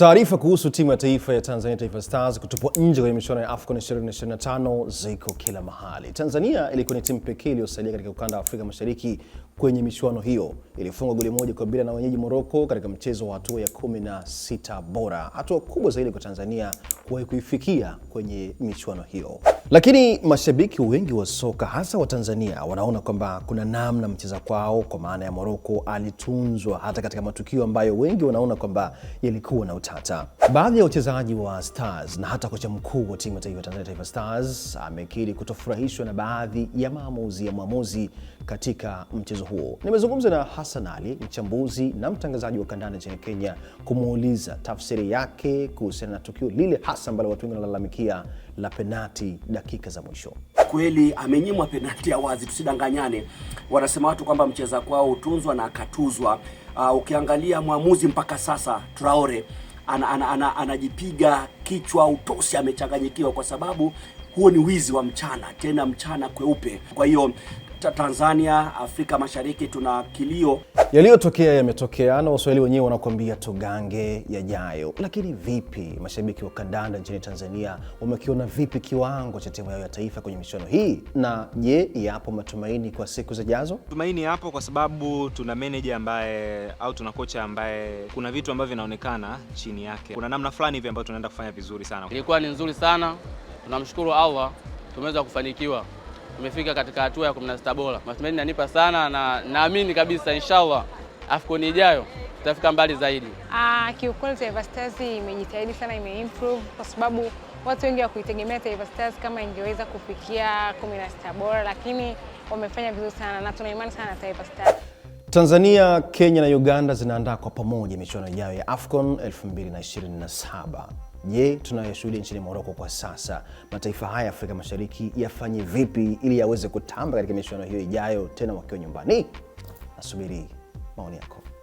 Taarifa kuhusu timu ya taifa ya Tanzania Taifa Stars kutupwa nje kwenye michuano ya AFCON 2025 ziko kila mahali. Tanzania ilikuwa ni timu pekee iliyosalia katika ukanda wa Afrika Mashariki kwenye michuano hiyo. Ilifungwa goli moja kwa bila na wenyeji Morocco katika mchezo wa hatua ya sita bora, hatua kubwa zaidi kwa Tanzania kuwahi kuifikia kwenye michuano hiyo. Lakini mashabiki wengi wa soka hasa wa Tanzania wanaona kwamba kuna namna mcheza kwao kwa maana ya Moroko alitunzwa hata katika matukio ambayo wengi wanaona kwamba yalikuwa na utata. Baadhi ya wachezaji wa Stars na hata kocha mkuu wa timu ya taifa Tanzania Taifa Stars amekiri kutofurahishwa na baadhi ya maamuzi ya mwamuzi katika mchezo huo. Nimezungumza na Hassan Ali, mchambuzi na mtangazaji wa kandanda nchini Kenya, kumuuliza tafsiri yake kuhusiana na tukio lile hasa ambalo watu wengi wanalalamikia la penati dakika za mwisho. Kweli amenyimwa penati ya wazi, tusidanganyane. Wanasema watu kwamba mcheza kwao hutunzwa na akatuzwa. Uh, ukiangalia mwamuzi mpaka sasa Traore anajipiga ana, ana, ana kichwa utosi, amechanganyikiwa kwa sababu huo ni wizi wa mchana, tena mchana kweupe. Kwa hiyo Tanzania, Afrika Mashariki tuna kilio. Yaliyotokea yametokea na Waswahili wenyewe wanakuambia tugange yajayo. Lakini vipi, mashabiki wa kandanda nchini Tanzania wamekiona vipi kiwango cha timu yao ya taifa kwenye michuano hii, na je, yapo matumaini kwa siku zijazo? tumaini yapo kwa sababu tuna meneja ambaye au tuna kocha ambaye kuna vitu ambavyo vinaonekana chini yake, kuna namna fulani hivi ambayo tunaenda kufanya vizuri sana. Ilikuwa ni nzuri sana, tunamshukuru Allah tumeweza kufanikiwa tumefika katika hatua ya 16 bora. Matumaini nanipa sana na naamini kabisa inshallah AFCON ijayo tutafika mbali zaidi. Ah, kiukweli Taifa Stars imejitahidi sana, imeimprove kwa sababu watu wengi wakuitegemea Taifa Stars kama ingeweza kufikia 16 bora, lakini wamefanya vizuri sana na tuna imani sana Taifa Stars. Tanzania, Kenya na Uganda zinaandaa kwa pamoja michuano ijayo ya AFCON 2027. Je, tunayoshuhudia nchini Moroko kwa sasa, mataifa haya ya Afrika Mashariki yafanye vipi ili yaweze kutamba katika michuano hiyo ijayo, tena wakiwa nyumbani? Nasubiri maoni yako.